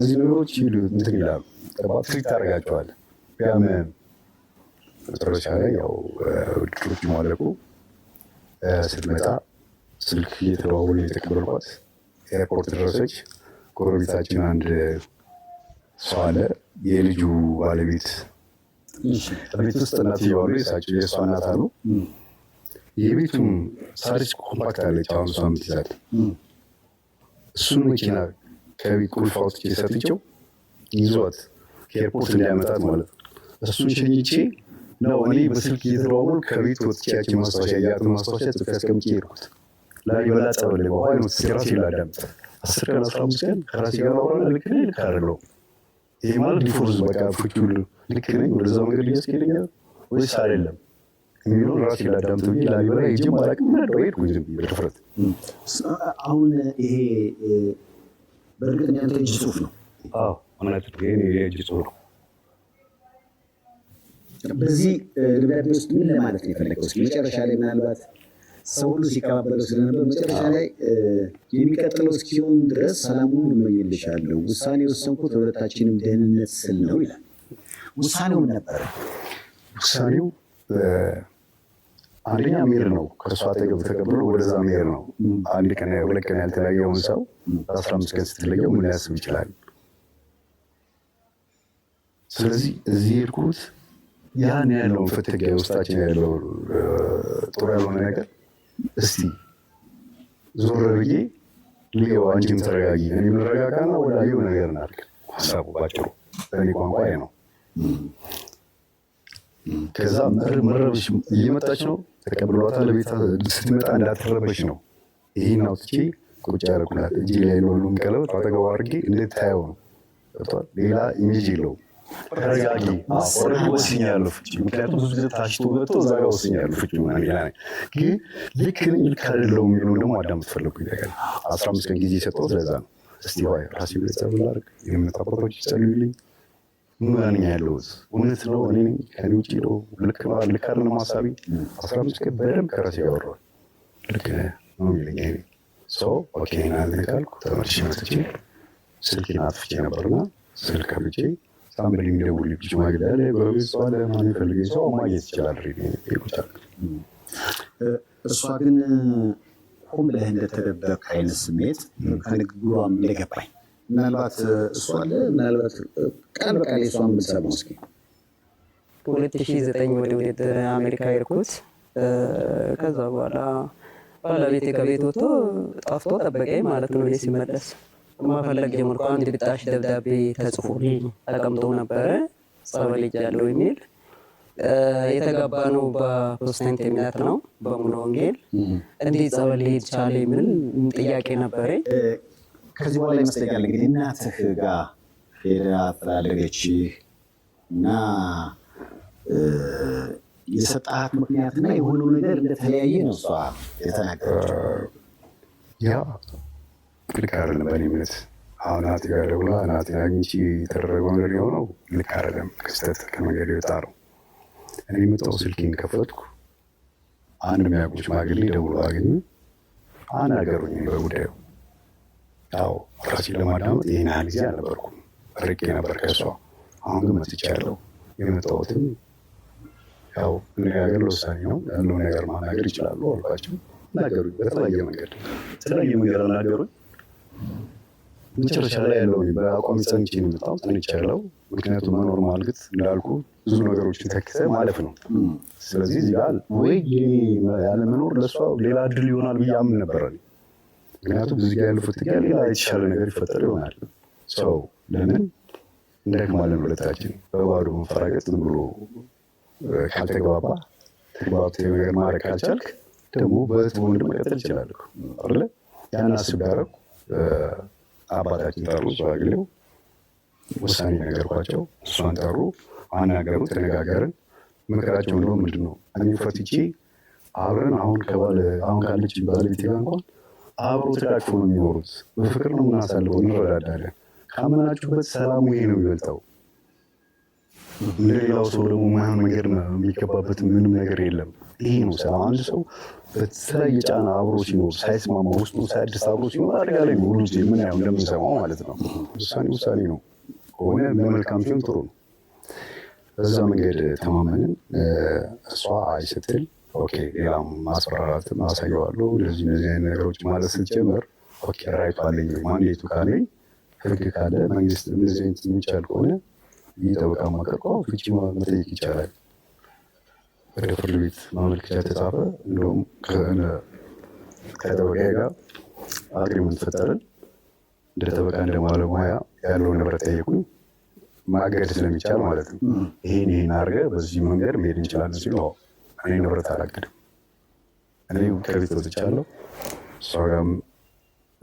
እነዚህ ነገሮች ይሉ እንትን ይላሉ። ትሪት ታደርጋቸዋል። ያም መጨረሻ ላይ ያው ውድድሮች ማለቁ ስትመጣ ስልክ እየተደዋወልን የተቀበልኳት ኤርፖርት ደረሰች። ጎረቤታችን አንድ ሰው አለ፣ የልጁ ባለቤት ቤት ውስጥ እናትየዋ አሉ፣ የእሷ እናት አሉ። የቤቱም ሳሪስ ኮምፓክት አለች፣ አሁን እሷ የምትይዛት እሱን መኪና ከቤት ቁልፍ አውጥቼ ሰጥቼው ይዟት ከኤርፖርት እንዲያመጣት ማለት ነው። እሱን ሸኝቼ ነው እኔ በስልክ እየተለዋወል ከቤት ወጥቻችን ማስታወሻ እያቱ ማስታወሻ ጽፌ አስቀምጬ ሄድኩት። ላሊበላ ጸበል በኋላ ነው ራሴ ላዳምጥ አስር ቀን አስራ አምስት ቀን ከራሴ ጋር በኋላ ልክ ነኝ ልክ አይደለሁም። ይሄ ማለት ዲፎርስ በቃ ፍቹ ልክ ነኝ ወደዛ መንገድ እያስኬደኛል ወይስ አይደለም የሚለው ራሴ ላዳም ብዬ ላሊበላ ሄጄ ማላቅም ሄድኩ ድፍረት አሁን ይሄ በእርግጥ ያንተ እጅ ጽሁፍ ነው። የእጅ ጽሁፍ ነው። በዚህ ደብዳቤ ውስጥ ምን ለማለት ነው የፈለገው? እስኪ መጨረሻ ላይ ምናልባት ሰው ሁሉ ሲቀባበለው ስለነበር መጨረሻ ላይ የሚቀጥለው እስኪሆን ድረስ ሰላሙን እመኝልሻለሁ። ውሳኔ የወሰንኩት ለሁለታችንም ደህንነት ስል ነው ይላል። ውሳኔው ምን ነበር? ውሳኔው አንደኛ ሜር ነው ከእሷ አጠገብ ተቀብሎ ወደዛ ሜር ነው። አንድ ቀን ሁለት ቀን ያልተለያየውን ሰው አስራ አምስት ቀን ስትለየው ምን ሊያስብ ይችላል? ስለዚህ እዚህ ሄድኩት ያን ያለውን ፍትጊያ ውስጣችን ያለው ጥሩ ያልሆነ ነገር እስቲ ዞር ብዬ ሌዮ አንቺም ተረጋጊ፣ የምረጋጋና ወደ የሆነ ነገር እናድርግ። ሀሳቡ ባጭሩ በእኔ ቋንቋ ነው። ከዛ መረብሽ እየመጣች ነው ተቀብሏታል። ቤት ስትመጣ እንዳትረበሽ ነው ይህን አውጥቼ ቁጭ ያደረኩላት። እጅ ላይ ያለውን ቀለበት አጠገቧ አድርጌ እንድታየው ነው። ሌላ ኢሜጅ የለውም። ጊዜ አስራ አምስት ቀን ጊዜ ነው። እስቲ ራሴ ቤተሰብ ላርግ የምታቆቶች ይጸልዩልኝ ምናምን ያለሁት እውነት ነው። እኔ ከኔ ውጭ ነው ልክ ልክ አይደለም ሀሳቢ አስራ አምስት ቀን በደንብ ከራሴ ያወራል ልክ ነው የሚለኝ አይኔ ሰው ኦኬ ናንተ ካልኩ ተመልሼ መጥቼ ስልኬን አጥፍቼ ነበርና ስልክ ከብቼ ሳምበል የሚደውል ልጅ ማግዳለ ላይ በቤት ሰው ማን ይፈልግ ሰው ማግኘት ይችላል ሬ ይቁቻል እርሷ ግን ሆም ብለህ እንደተደበቅ አይነት ስሜት ከንግግሯም እንደገባኝ ምናልባት እሷ አለ ምናልባት ቃል በቃል የሷ የምንሰማው እስኪ ሁለት ሺህ ዘጠኝ ወደ ውድድር አሜሪካ ሄድኩት። ከዛ በኋላ ባለቤቴ ከቤት ወጥቶ ጠፍቶ ጠበቀኝ ማለት ነው። እኔ ሲመለስ ማፈለግ ጀመርኩ። አንድ ብጣሽ ደብዳቤ ተጽፎ ተቀምጦ ነበረ ጸበል ሄጃለሁ የሚል የተጋባ ነው። በፕሮቴስታንት እምነት ነው በሙሉ ወንጌል እንዴት ጸበል ሄድ ቻለ የሚል ጥያቄ ነበረኝ። ከዚህ በኋላ ይመስለኛል እንግዲህ እናትህ ጋር ሄዳ አፈላለገች እና የሰጣት ምክንያት ምክንያትና የሆነው ነገር እንደተለያየ ነው እሷ የተናገረችው። ያ ልክ አይደለም በእኔ እምነት። አሁን ናቲ ጋር ደውላ ናቲ አግኝቼ የተደረገው ነገር የሆነው ልክ አይደለም፣ ክስተት ከመንገድ የወጣ ነው። እኔ የመጣው ስልኬን ከፈትኩ፣ አንድ የሚያውቁ ሽማግሌ ደውሎ አገኙ፣ አናገሩኝ በጉዳዩ አዎ ራሴን ለማዳመጥ ይህን ያህል ጊዜ አልነበርኩም፣ ርቄ ነበር ከእሷ። አሁን ግን መጥቻለሁ። የመጣሁትም ያው መነጋገር ለውሳኔ ነው ያለው ነገር ማናገር ይችላሉ አልኳቸው። ናገሩኝ፣ በተለያየ መንገድ በተለያየ መንገድ አናገሩኝ። መጨረሻ ላይ ያለው በአቋሚ ጸንቼ ነው የመጣሁት፣ ጸንቻለሁ። ምክንያቱም መኖር ማልግት እንዳልኩ ብዙ ነገሮችን ተክተ ማለፍ ነው። ስለዚህ እዚህ ጋር ወይ ያለመኖር ለእሷ ሌላ እድል ይሆናል ብዬ አምን ነበረ። ምክንያቱም እዚህ ጋር ያለው ፍትጊያ ሌላ የተሻለ ነገር ይፈጠር ይሆናል። ሰው ለምን እንደክማለን ሁለታችን በባዶ መፈራገጥ ዝም ብሎ ካልተግባባ ተግባብቶ ነገር ማድረግ ካልቻልክ ደግሞ በህዝቡ ወንድ መቀጠል ይችላል አለ ያና አስብ ያረኩ አባታችን ጠሩ ሰዋግሌው ውሳኔ ነገርኳቸው። እሷን ጠሩ አናገሩ፣ ተነጋገርን። ምክራቸው እንደው ምንድን ነው እኔ ፈትቼ አብረን አሁን ከባለ አሁን ካለች ባለቤቴ ጋር እንኳን አብሮ ተቃቅፎ ነው የሚኖሩት። በፍቅር ነው የምናሳልፈው፣ እንረዳዳለን። ካመናችሁበት ሰላሙ ይሄ ነው የሚበልጠው። እንደሌላው ሰው ደግሞ ማይሆን መንገድ የሚገባበት ምንም ነገር የለም። ይሄ ነው ሰላም። አንድ ሰው በተለያየ ጫና አብሮ ሲኖር ሳይስማማ ውስጡ ሳያድስ አብሮ ሲኖር አደጋ ላይ ነው ሁሉ ያው እንደምንሰማው ማለት ነው። ውሳኔ ውሳኔ ነው ከሆነ ለመልካም ሲሆን ጥሩ ነው። በዛ መንገድ ተማመንን። እሷ አይ ስትል ኦኬ ሌላም ማስፈራራት ማሳየዋለሁ እንደዚህ እነዚህ አይነት ነገሮች ማለት ስትጀምር ኦኬ ራይቱ አለኝ ማንዴቱ ካለኝ ህግ ካለ መንግስት እንደዚህ አይነት የሚቻል ከሆነ ጠበቃ ማቀርቆ ፍቺ መጠየቅ ይቻላል። ወደ ፍርድ ቤት ማመልከቻ ተጻፈ። እንደውም ከጠበቃ ጋር አግሪመንት ፈጠርን። እንደ ጠበቃ እንደ ባለሙያ ያለው ንብረት ጠየቁኝ። ማገድ ስለሚቻል ማለት ነው። ይህን ይህን አድርገህ በዚህ መንገድ መሄድ እንችላለን ሲሉ እኔ ንብረት አላግድም። እኔ ከቤት ወጥቻለሁ። እሷ ጋርም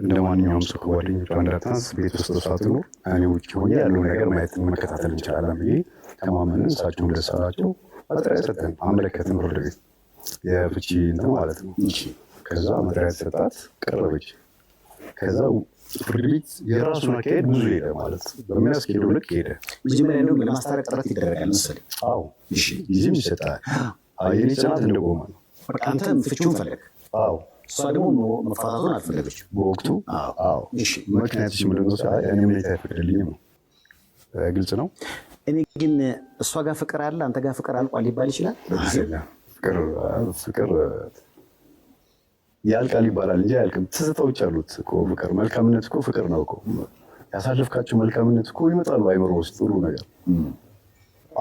እንደ ማንኛውም ሰው ከጓደኞቿ እንዳታንስ ቤት ውስጥ ሳትኖር እኔ ውጭ ሆኜ ያለውን ነገር ማየት መከታተል እንችላለን ብዬ ተማመንን። እሳቸው እንደሰራቸው አላቸው። መጥሪያ ሰጠን፣ አመለከትን ፍርድ ቤት የፍቺ እንትን ማለት ነው። ከዛ መጥሪያ ሰጣት፣ ቀረበች። ከዛ ፍርድ ቤት የራሱን አካሄድ ብዙ ሄደ ማለት በሚያስኬደው ልክ ሄደ። መጀመሪያ እንደውም ለማስታረቅ ጥረት ይደረጋል መሰለኝ። አዎ ጊዜም ይሰጣል አየኔ ጽናት እንደቆመ ነው። በቃ አንተ ፍቹን ፈለግ። አዎ እሷ ደግሞ መፋታቱን አልፈለገች በወቅቱ። አዎ ምክንያቱ ሲምልኖ እኔ ሁኔታ አይፈቅድልኝም ነው። ግልጽ ነው። እኔ ግን እሷ ጋር ፍቅር አለ አንተ ጋር ፍቅር አልቋል ሊባል ይችላል። ፍቅር ያልቃል ይባላል እንጂ አያልቅም። ትዝታዎች አሉት እኮ ፍቅር፣ መልካምነት እኮ ፍቅር ነው እኮ ያሳለፍካቸው መልካምነት እኮ ይመጣሉ አይምሮ ውስጥ ጥሩ ነገር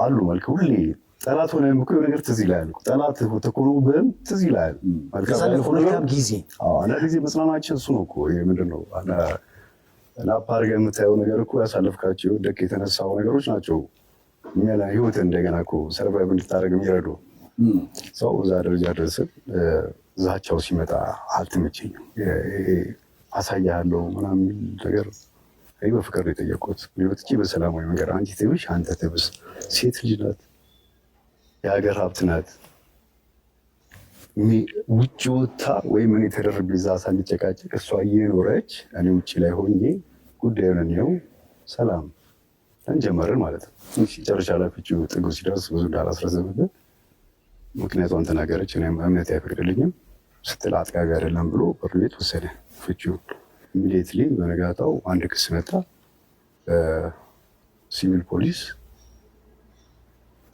አሉ መልክ ሁሌ ጠላት ሆነ እኮ ነገር ትዝ ይላል። ጠላት ተኮኖብህም ትዝ ይላል። መልካም ጊዜ አንዳንድ ጊዜ መጽናናችን እሱ ነው እኮ ምንድን ነው ናፓ አድርገህ የምታየው ነገር እኮ ያሳለፍካቸው ደክ የተነሳው ነገሮች ናቸው የሚያላ ህይወት እንደገና እኮ ሰርቫይቭ እንድታደርግ የሚረዱ ሰው እዛ ደረጃ ድረስን ዛቻው ሲመጣ አልተመቸኝም። አሳያለው ምናምን ነገር በፍቅር ነው የጠየቁት። ወጥቼ በሰላማዊ መንገድ አንቺ ትብሽ አንተ ትብስ ሴት ልጅ ናት የሀገር ሀብት ናት። ውጭ ወታ ወይም እኔ ተደርቤ እዛ ሳንጨቃጨቅ እሷ እየኖረች እኔ ውጭ ላይ ሆኜ ጉዳዩን እኔው ሰላም እንጀመርን ማለት ነው። ትንሽ ጨርሻ ላይ ፍቺው ጥጉ ሲደርስ ብዙ እንዳላስረዘምብህ ምክንያቷን ተናገረች። እኔም እምነት አይፈቅድልኝም ስትል አጥጋቢ አይደለም ብሎ ፍርድ ቤት ወሰደ ፍቺው። ኢሚዲየትሊ በነጋታው አንድ ክስ መጣ ሲቪል ፖሊስ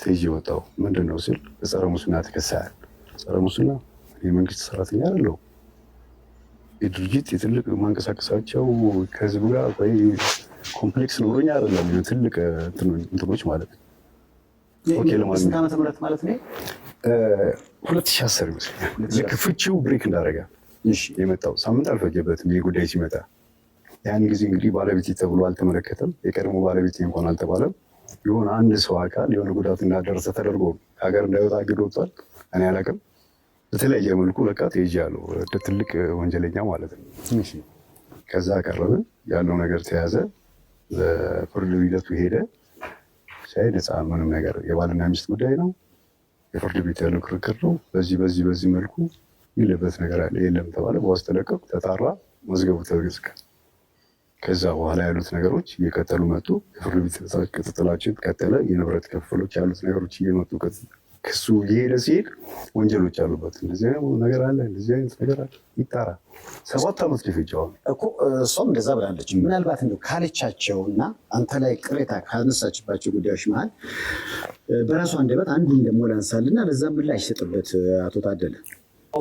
ትይዤ ወጣሁ። ምንድን ነው ሲል በጸረ ሙስና ተከሳያል። ጸረ ሙስና የመንግስት ሰራተኛ አይደለሁም። የድርጅት የትልቅ ማንቀሳቀሳቸው ከህዝብ ጋር ወይ ኮምፕሌክስ ኖሮኝ አይደለም። ትልቅ እንትኖች ማለት ነው። ሁለት ሺህ አስር ይመስለኛል። ልክ ፍቺው ብሬክ እንዳደረገ የመጣው ሳምንት አልፈጀበትም። ይህ ጉዳይ ሲመጣ ያን ጊዜ እንግዲህ ባለቤቴ ተብሎ አልተመለከተም። የቀድሞ ባለቤቴ እንኳን አልተባለም። የሆነ አንድ ሰው አካል የሆነ ጉዳት እንዳደረሰ ተደርጎ ሀገር እንዳይወጣ አግድ ወጥቷል። እኔ አላውቅም። በተለያየ መልኩ በቃ ለቃ ተይዣለሁ፣ ትልቅ ወንጀለኛ ማለት ነው። ከዛ ቀረበ ያለው ነገር ተያዘ፣ ፍርድ ሂደቱ ሄደ። ሳይ ነፃ ምንም ነገር የባልና ሚስት ጉዳይ ነው፣ የፍርድ ቤት ያለው ክርክር ነው። በዚህ በዚህ በዚህ መልኩ የሚለበት ነገር አለ የለም ተባለ። በዋስ ተለቀቁ፣ ተጣራ፣ መዝገቡ ተዘጋ። ከዛ በኋላ ያሉት ነገሮች እየቀጠሉ መጡ። የፍርድ ቤት ቅጥጥላችን ቀጠለ። የንብረት ክፍሎች ያሉት ነገሮች እየመጡ ክሱ እየሄደ ሲሄድ ወንጀሎች አሉበት። እንደዚህ አይነት ነገር አለ፣ እንደዚህ አይነት ነገር አለ፣ ይጣራል። ሰባት ዓመት ደፍጫዋል እኮ እሷም እንደዛ ብላለች። ምናልባት እንደው ካለቻቸው እና አንተ ላይ ቅሬታ ካነሳችባቸው ጉዳዮች መሀል በራሷ አንደበት አንዱን ደግሞ ላንሳልና ለዛ ምላሽ ስጥበት አቶ ታደለ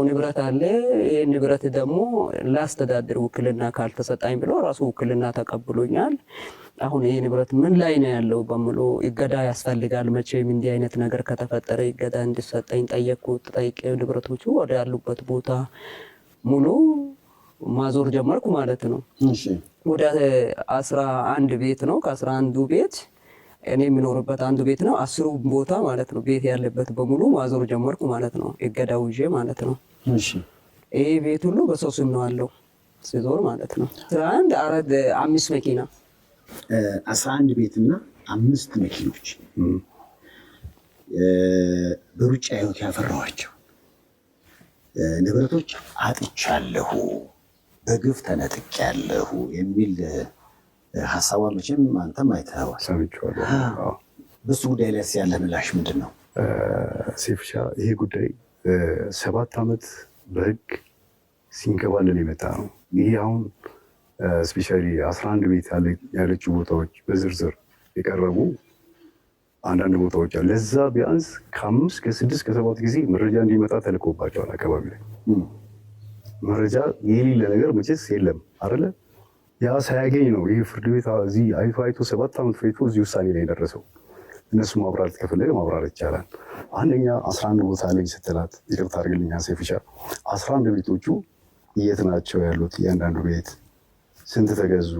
ንብረት አለ። ይህ ንብረት ደግሞ ላስተዳድር ውክልና ካልተሰጣኝ ብሎ ራሱ ውክልና ተቀብሎኛል። አሁን ይህ ንብረት ምን ላይ ነው ያለው በምሎ ይገዳ ያስፈልጋል። መቼም እንዲህ አይነት ነገር ከተፈጠረ ይገዳ እንድሰጠኝ ጠየቅኩት። ጠይቄ ንብረቶቹ ወደ ያሉበት ቦታ ሙሉ ማዞር ጀመርኩ ማለት ነው። ወደ አስራ አንድ ቤት ነው። ከአስራ አንዱ ቤት እኔ የምኖርበት አንዱ ቤት ነው። አስሩ ቦታ ማለት ነው ቤት ያለበት በሙሉ ማዞር ጀመርኩ ማለት ነው። እገዳው ይዤ ማለት ነው። ይህ ቤት ሁሉ በሰው ስም ነው አለው ሲዞር ማለት ነው። አንድ አራት አምስት መኪና አስራ አንድ ቤትና አምስት መኪኖች በሩጫ ህይወት ያፈራኋቸው ንብረቶች አጥቻለሁ፣ በግፍ ተነጥቄያለሁ የሚል ሀሳቧ መቼም አንተም አይተዋል ሰምቼዋለሁ። በሱ ጉዳይ ላይ ያለ ምላሽ ምንድን ነው? ሴፍሻ ይሄ ጉዳይ ሰባት ዓመት በህግ ሲንከባለል የመጣ ነው። ይህ አሁን ስፔሻሊ አስራ አንድ ቤት ያለችው ቦታዎች በዝርዝር የቀረቡ አንዳንድ ቦታዎች አሉ። ለዛ ቢያንስ ከአምስት ከስድስት ከሰባት ጊዜ መረጃ እንዲመጣ ተልኮባቸዋል። አካባቢ ላይ መረጃ የሌለ ነገር መቼስ የለም አይደለ ያ ሳያገኝ ነው ይህ ፍርድ ቤት እዚህ አይቶ አይቶ ሰባት ዓመት ፈይቶ እዚህ ውሳኔ ላይ የደረሰው። እነሱ ማብራራት ከፈለገ ማብራራት ይቻላል። አንደኛ አስራ አንድ ቦታ ላይ ስትላት ይቅርታ አድርግልኛ ሴፍሻ አስራ አንድ ቤቶቹ የት ናቸው ያሉት? እያንዳንዱ ቤት ስንት ተገዙ፣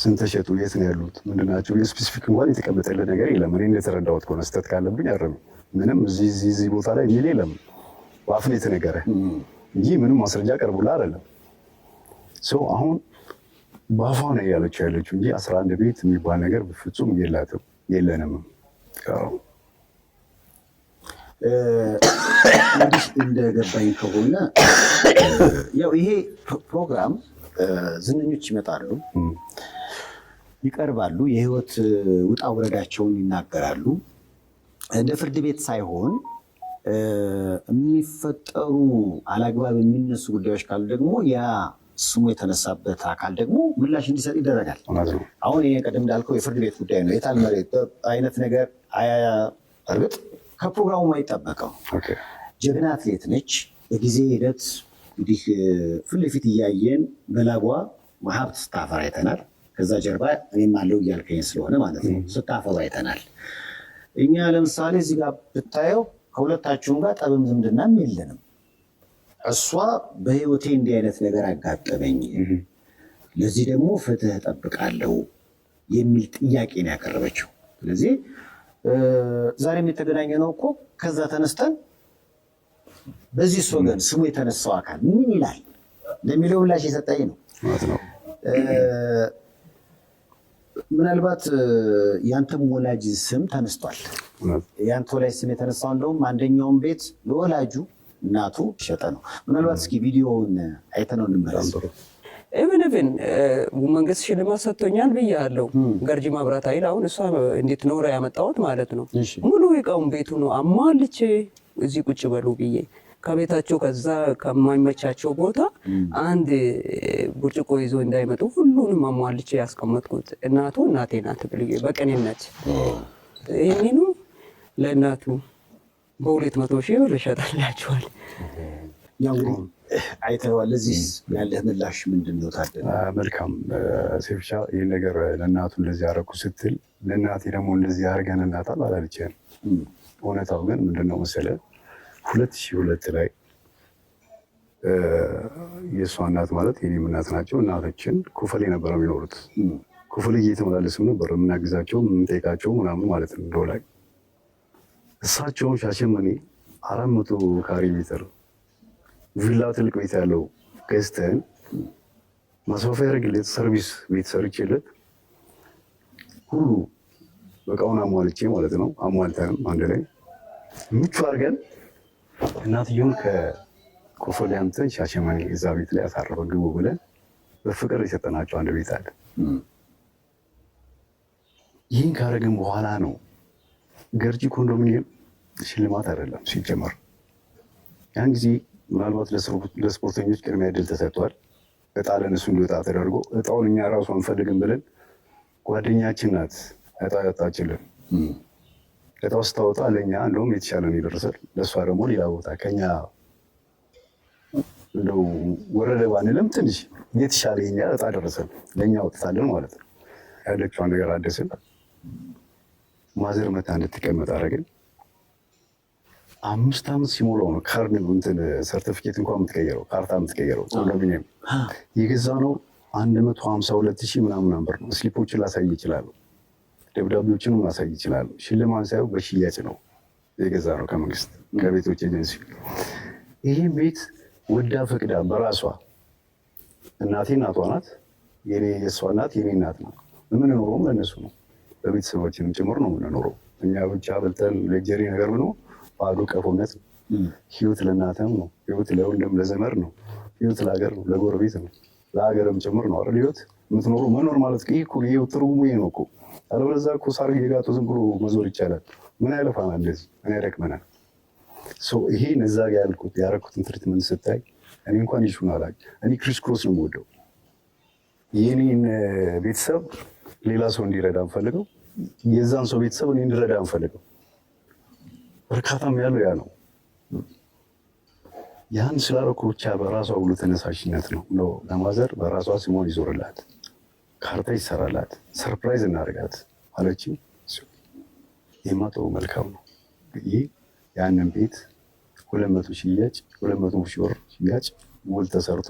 ስንት ተሸጡ፣ የት ነው ያሉት፣ ምንድናቸው? የስፔሲፊክ እንኳን የተቀመጠለ ነገር የለም። እኔ እንደተረዳሁት ከሆነ ስህተት ካለብኝ አረም ምንም እዚህ ቦታ ላይ የሚል የለም። በአፍን የተነገረ እንጂ ምንም ማስረጃ ቀርቡላ አይደለም። ሰው አሁን በአፏ ነው እያለች ያለችው እንጂ አስራ አንድ ቤት የሚባል ነገር በፍጹም የላትም የለንም። እንግዲህ እንደገባኝ ከሆነ ያው ይሄ ፕሮግራም ዝነኞች ይመጣሉ፣ ይቀርባሉ፣ የህይወት ውጣ ውረዳቸውን ይናገራሉ። እንደ ፍርድ ቤት ሳይሆን የሚፈጠሩ አላግባብ የሚነሱ ጉዳዮች ካሉ ደግሞ ያ ስሙ የተነሳበት አካል ደግሞ ምላሽ እንዲሰጥ ይደረጋል። አሁን ይሄ ቀደም እንዳልከው የፍርድ ቤት ጉዳይ ነው። የታል መሬት አይነት ነገር እርግጥ ከፕሮግራሙ አይጠበቀው። ጀግና አትሌት ነች። በጊዜ ሂደት እንግዲህ ፊት ለፊት እያየን በላቧ ሀብት ስታፈራ አይተናል። ከዛ ጀርባ እኔም አለው እያልከኝ ስለሆነ ማለት ነው ስታፈሩ አይተናል። እኛ ለምሳሌ እዚህ ጋር ብታየው ከሁለታችሁም ጋር ጠብም ዝምድናም የለንም። እሷ በህይወቴ እንዲህ አይነት ነገር አጋጠመኝ፣ ለዚህ ደግሞ ፍትህ እጠብቃለሁ የሚል ጥያቄ ነው ያቀረበችው። ስለዚህ ዛሬም የተገናኘ ነው እኮ ከዛ ተነስተን በዚህ ወገን ስሙ የተነሳው አካል ምን ይላል ለሚለው ምላሽ የሰጠኝ ነው። ምናልባት ያንተም ወላጅ ስም ተነስቷል። ያንተ ወላጅ ስም የተነሳው እንደውም አንደኛውም ቤት ለወላጁ እናቱ ሸጠ ነው። ምናልባት እስኪ ቪዲዮውን አይተነው እንመለስ። ኢቭን መንግስት ሽልማት ሰጥቶኛል ብዬ አለው። ገርጂ መብራት ኃይል አሁን እሷ እንዴት ኖረ ያመጣሁት ማለት ነው። ሙሉ እቃውን ቤቱ ነው አሟልቼ እዚህ ቁጭ በሉ ብዬ ከቤታቸው ከዛ ከማይመቻቸው ቦታ አንድ ብርጭቆ ይዞ እንዳይመጡ ሁሉንም አሟልቼ ያስቀመጥኩት እናቱ እናቴ ናት ብዬ በቅንነት ይህንኑ ለእናቱ በሁለት መቶ ሺህ ብር ይሸጣላችኋል። ያው አይተዋል። እዚህ ያለህ ምላሽ ምንድን ነው ታድያ? መልካም ሴፍሻ፣ ይህ ነገር ለእናቱ እንደዚህ አደረኩ ስትል ለእናቴ ደግሞ እንደዚህ አድርገን እናታል አላልቼን። እውነታው ግን ምንድነው መሰለ ሁለት ሺህ ሁለት ላይ የእሷ እናት ማለት የኔም እናት ናቸው። እናቶችን ኩፈሌ ነበር የሚኖሩት። ኩፈሌ እየተመላለስም ነበር የምናግዛቸው የምንጠይቃቸው ምናምን ማለት ነው ላይ እሳቸውም ሻሸመኔ አራት መቶ ካሬ ሜትር ቪላ ትልቅ ቤት ያለው ገዝተን ማስፋፋ ያደርግለት ሰርቪስ ቤት ሰርችለት ሁሉ በቃውን አሟልቼ ማለት ነው። አሟልተንም አንድ ላይ ምቹ አድርገን እናትየውን ከኮፈሌ አምጥተን ሻሸመኔ እዛ ቤት ላይ አሳረፈ ግቡ ብለን በፍቅር የሰጠናቸው አንድ ቤት አለ። ይህን ካረግን በኋላ ነው ገርጂ ኮንዶሚኒየም ሽልማት አይደለም ሲጀመር። ያን ጊዜ ምናልባት ለስፖርተኞች ቅድሚያ ድል ተሰጥቷል። እጣ ለእነሱ እንዲወጣ ተደርጎ እጣውን እኛ ራሱ አንፈልግም ብለን ጓደኛችን ናት እጣ ያወጣችልን። እጣው ስታወጣ ለእኛ እንደውም የተሻለ ነው የደረሰል፣ ለእሷ ደግሞ ሌላ ቦታ ከኛ እንደው ወረደ ባንልም ትንሽ የተሻለ የኛ እጣ ደረሰል፣ ለእኛ ወጥታለን ማለት ነው። ያለችዋን ነገር አደስን ማዘር መታ እንድትቀመጥ አደረግን። አምስት ዓመት ሲሞላው ነው ካርድ እንትን ሰርቲፊኬት እንኳን የምትቀየረው ካርታ የምትቀየረው ኮንዶሚኒየም የገዛ ነው። አንድ መቶ ሀምሳ ሁለት ሺህ ምናምን ነበር ነው። ስሊፖችን ላሳይ ይችላሉ፣ ደብዳቤዎችን ላሳይ ይችላሉ። ሽልማን ሳይሆን በሽያጭ ነው የገዛ ነው ከመንግስት ከቤቶች ኤጀንሲ። ይህም ቤት ወዳ ፈቅዳ በራሷ እናቴ እናቷ ናት፣ የኔ የእሷ እናት የኔ እናት ነው። የምንኖረውም ለእነሱ ነው፣ በቤተሰባችንም ጭምር ነው የምንኖረው። እኛ ብቻ በልተን ሌክጀሪ ነገር ብንሆን ባዶ ቀፍ ነው። ህይወት ለእናትም ነው። ህይወት ለወንድም ለዘመር ነው። ህይወት ለሀገር ነው፣ ለጎረቤት ነው፣ ለሀገርም ጭምር ነው አይደል? ህይወት የምትኖሩ መኖር ማለት ይህ እኮ ይኸው ትርጉሙ ይሄ ነው እኮ። አለበለዚያ እኮ ሳር የጋጡ ዝም ብሎ መዞር ይቻላል። ምን ያለፋናል? እንደዚህ ምን ያደክመናል? ይሄ ነዛ ጋ ያልኩት ያደረኩትን ትሪትመንት ስታይ እኔ እንኳን ይሹን አላውቅ። እኔ ክሪስ ክሮስ ነው የምወደው። የኔን ቤተሰብ ሌላ ሰው እንዲረዳ ንፈልገው፣ የዛን ሰው ቤተሰብ እኔ እንድረዳ ንፈልገው። እርካታም ያለው ያ ነው። ያን ስላረኩ ብቻ በራሷ ሁሉ ተነሳሽነት ነው ለማዘር በራሷ ሲሞን ይዞርላት፣ ካርታ ይሰራላት፣ ሰርፕራይዝ እናደርጋት አለችኝ። ይህማ ጥሩ መልካም ነው። ይህ ያንን ቤት ሁለት መቶ ሽያጭ ሁለት መቶ ሺህ ብር ሽያጭ ውል ተሰርቶ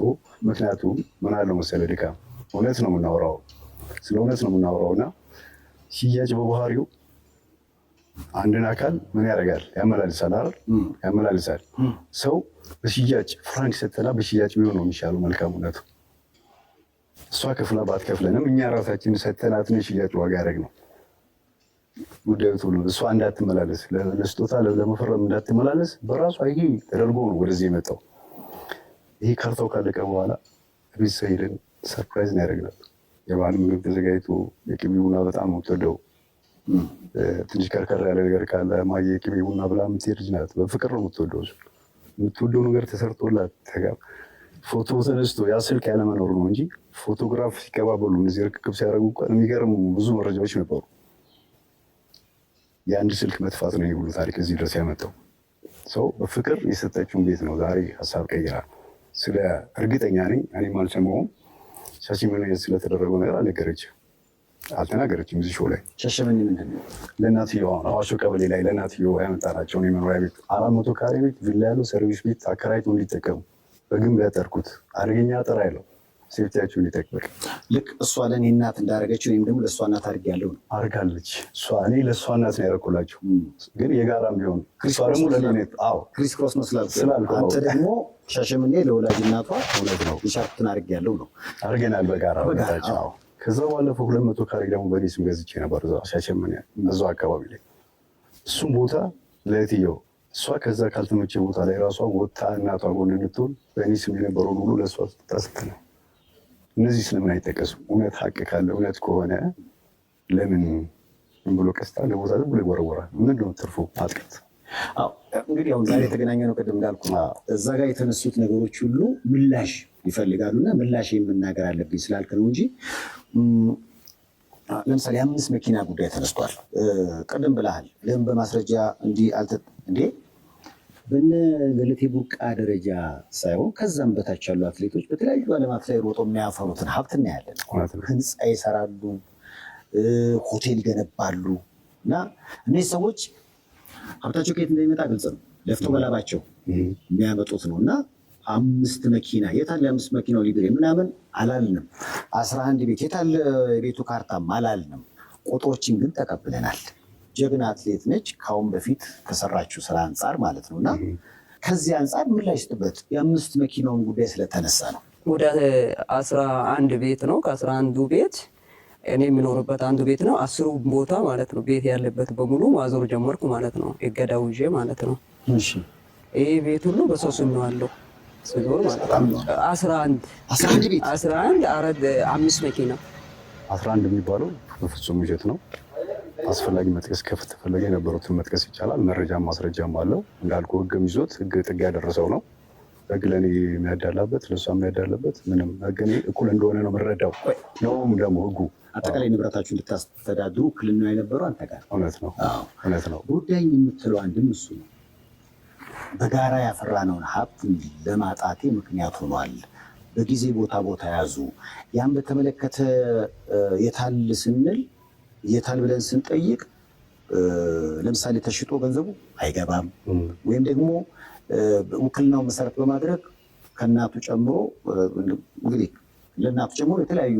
ምክንያቱም ምን አለው መሰለህ ድካም እውነት ነው የምናወራው ስለ እውነት ነው የምናወራው እና ሽያጭ በባህሪው አንድን አካል ምን ያደርጋል? ያመላልሳል አይደል? ያመላልሳል። ሰው በሽያጭ ፍራንክ ሰተና በሽያጭ ቢሆን ነው የሚሻለው መልካሙነቱ። እሷ ከፍላ ባትከፍለንም እኛ ራሳችን ሰተናት የሽያጭ ዋጋ ያደረግ ነው ጉዳዩ ቶሎ እሷ እንዳትመላለስ ለስጦታ ለመፈረም እንዳትመላለስ በራሷ ይሄ ተደርጎ ነው ወደዚህ የመጣው። ይሄ ካርታው ካለቀ በኋላ ቤተሰብ ሄደን ሰርፕራይዝ ነው የባህል ምግብ ተዘጋጅቶ የቅቤ ቡና በጣም ወጥደው ትንሽ ከርከር ያለ ነገር ካለ ማየ ቅቤ ቡና ብላ የምትሄድ ልጅ ናት። በፍቅር ነው የምትወደው። የምትወደው ነገር ተሰርቶላት ፎቶ ተነስቶ ያ ስልክ ያለመኖር ነው እንጂ ፎቶግራፍ ሲቀባበሉ እነዚህ ርክክብ ሲያደርጉ የሚገርሙ ብዙ መረጃዎች ነበሩ። የአንድ ስልክ መጥፋት ነው የሁሉ ታሪክ እዚህ ድረስ ያመጣው። ሰው በፍቅር የሰጠችውን ቤት ነው ዛሬ ሀሳብ ቀይራ ስለ እርግጠኛ ነኝ እኔም አልሰማሁም ሻሲመኔ ስለተደረገው ነገር አልነገረችም። አልተናገረችም። እዚህ ሾው ላይ ሸሸመኝ ምንድን ነው ለእናትዬው አሁን አዋሾ ቀበሌ ላይ ለእናትዬው ያመጣናቸውን የመኖሪያ ቤት አራት መቶ ካሬ ቤት ቪላ ያለው ሰርቪስ ቤት አከራይቶ እንዲጠቀሙ በግንብ ያጠርኩት አደገኛ አጥር አይለው ሴፍቲያቸው እንዲጠበቅ ልክ እሷ ለእኔ እናት እንዳደረገችው ወይም ደግሞ ለእሷ እናት አድርግ ያለው ነው አድርጋለች። እኔ ለእሷ እናት ነው ያደረኩላቸው፣ ግን የጋራም ቢሆን እሷ ደግሞ ለእኔ ክሪስ ክሮስ ነው ስላልኩ አንተ ደግሞ ሻሸምኔ ለወላጅ እናቷ እውነት ነው የሻርፕትን አድርግ ያለው ነው አድርገናል በጋራ በጋራ ከዛ ባለፈው ሁለት መቶ ካሬ ደግሞ በእኔ ገዝቼ ነበር እዛ ሲያቸምን እዛ አካባቢ ላይ እሱም ቦታ ለእህትየው እሷ ከዛ ካልተመቼ ቦታ ላይ ራሷ ወታ እናቷ ጎን እንድትሆን በእኔ ስም የነበረውን ሁሉ ለእሷ ስታስት ነው። እነዚህ ስለምን አይጠቀሱም? እውነት ሀቅ ካለ እውነት ከሆነ ለምን ብሎ ቀስታ ለቦታ ዝም ብሎ ይወረወራል? ምንድነው ትርፉ? አጥቀት እንግዲህ አሁን ዛሬ የተገናኘ ነው። ቅድም እንዳልኩ እዛ ጋር የተነሱት ነገሮች ሁሉ ምላሽ ይፈልጋሉ እና ምላሽ መናገር አለብኝ ስላልክ ነው እንጂ ለምሳሌ አምስት መኪና ጉዳይ ተነስቷል። ቅድም ብለሃል። ለምን በማስረጃ እንዲህ እንዴ? በነ ገለቴ ቡርቃ ደረጃ ሳይሆን ከዛም በታች ያሉ አትሌቶች በተለያዩ ዓለማት ላይ ሮጦ የሚያፈሩትን ሀብት እናያለን። ህንፃ ይሰራሉ፣ ሆቴል ይገነባሉ። እና እነዚህ ሰዎች ሀብታቸው ከየት እንደሚመጣ ግልጽ ነው። ለፍቶ በላባቸው የሚያመጡት ነው እና አምስት መኪና የታለ አምስት መኪናው ሊብሬ ምናምን አላልንም። አስራ አንድ ቤት የታለ የቤቱ ካርታም አላልንም። ቁጥሮችን ግን ተቀብለናል። ጀግና አትሌት ነች፣ ከአሁን በፊት ከሰራችው ስራ አንጻር ማለት ነው እና ከዚህ አንጻር ምን ላይ ስጥበት የአምስት መኪናውን ጉዳይ ስለተነሳ ነው። ወደ አስራ አንድ ቤት ነው። ከአስራ አንዱ ቤት እኔ የምኖርበት አንዱ ቤት ነው። አስሩ ቦታ ማለት ነው ቤት ያለበት በሙሉ ማዞር ጀመርኩ ማለት ነው። እገዳው ይዤ ማለት ነው። ይህ ቤት ሁሉ በሰው ስም ነው አለው ስዞር አስራ አንድ አራት አምስት መኪና አስራ አንድ የሚባለው በፍጹም ውሸት ነው። አስፈላጊ መጥቀስ ከተፈለገ የነበሩትን መጥቀስ ይቻላል። መረጃም ማስረጃም አለው። እንዳልኩ ህግም ይዞት ህግ ጥግ ያደረሰው ነው። ህግ ለእኔ የሚያዳላበት ለእሷ የሚያዳላበት ምንም ህግ እኔ እኩል እንደሆነ ነው የምረዳው። ነውም ደግሞ ህጉ አጠቃላይ ንብረታችሁ እንድታስተዳድሩ ክልል ነው የነበረው። አንተ ጋር እውነት ነው እውነት ነው ጉዳይ የምትለው አንድም እሱ ነው በጋራ ያፈራነውን ሀብት ለማጣቴ ምክንያት ሆኗል። በጊዜ ቦታ ቦታ ያዙ። ያን በተመለከተ የታል ስንል የታል ብለን ስንጠይቅ ለምሳሌ ተሽጦ ገንዘቡ አይገባም ወይም ደግሞ ውክልናውን መሰረት በማድረግ ከእናቱ ጨምሮ እንግዲህ ለእናቱ ጨምሮ የተለያዩ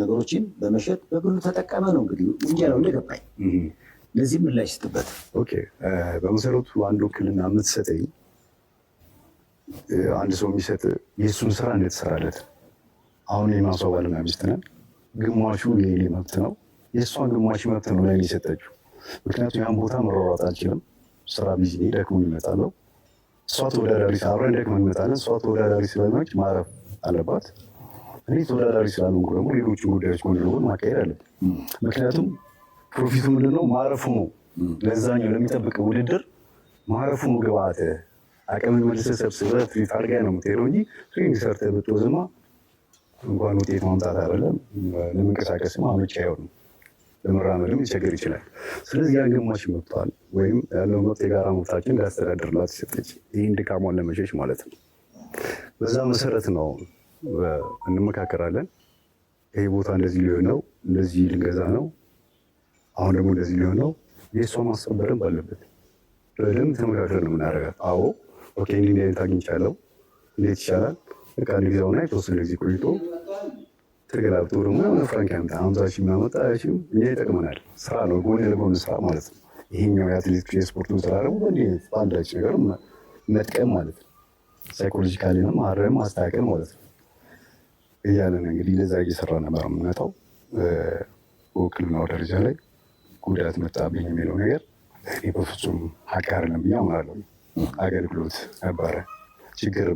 ነገሮችን በመሸጥ በግሉ ተጠቀመ ነው እንግዲህ እንጀራው እንደገባኝ ለዚህ ምላሽ ስጥበት። በመሰረቱ አንድ ውክልና የምትሰጠኝ አንድ ሰው የሚሰጥ የእሱን ስራ እንደተሰራለት አሁን የማስዋብ ባልና ሚስት ነን። ግማሹ የኔ መብት ነው፣ የእሷን ግማሽ መብት ነው ላይ የሰጠችው። ምክንያቱም ያን ቦታ መሯሯጥ አልችልም። ስራ ቢዚ ደክሞ ይመጣለው። እሷ ተወዳዳሪ አብረን ደክሞ ይመጣለን። እሷ ተወዳዳሪ ስለሆነች ማረፍ አለባት። እኔ ተወዳዳሪ ስላልሆንኩ ደግሞ ሌሎቹ ጉዳዮች ጎን ለጎን ማካሄድ አለብን። ምክንያቱም ፕሮፊቱ ምንድነው? ማረፉ ነው። ለዛኛው ለሚጠብቅ ውድድር ማረፉ ነው ግባት። አቅምን መልሰ ሰብስበህ ትሪት አድርገህ ነው የምትሄደው እንጂ ትሬኒንግ ሰርተህ ብትወዝማ እንኳን ውጤት ማምጣት አይደለም ለመንቀሳቀስም አመቺ አይሆንም። ለመራመድም ሊቸገር ይችላል። ስለዚህ ያን ግማሽ መብቷል ወይም ያለው መብት የጋራ መብታችን ሊያስተዳድርላት ይሰጠች ይህን ድካሟን ለመሸሽ ማለት ነው። በዛ መሰረት ነው እንመካከራለን። ይሄ ቦታ እንደዚህ ሊሆን ነው፣ እንደዚህ ልንገዛ ነው አሁን ደግሞ እንደዚህ ሊሆነው የእሷ ማሰብ በደንብ አለበት። በደንብ ተመካክረን ነው የምናደርጋት። አዎ ኦኬ፣ እንዲህ አይነት አግኝቻለሁ፣ እንዴት ይቻላል? በቃ አንድ ጊዜ ሆና የተወሰነ ጊዜ ቆይቶ ተገላብጦ ደግሞ የሆነ ፍራንክ ያምጣ፣ ሀምሳ ሺህ የሚያመጣ ሺህ እኛ ይጠቅመናል። ስራ ነው፣ ጎን ለጎን ስራ ማለት ነው። ይሄኛው የአትሌቲክሱ የስፖርቱ ስራ ደግሞ በእንዲህ በአንዳች ነገር መጥቀም ማለት ነው። ሳይኮሎጂካሊን ማረም ማስተካከል ማለት ነው እያለን እንግዲህ ለዛ እየሰራ ነበር የምንመጣው በውክልናው ደረጃ ላይ ጉዳት መጣብኝ የሚለው ነገር በፍጹም ሀቅ አይደለም ብዬ አምናለሁ። አገልግሎት ነበረ ችግር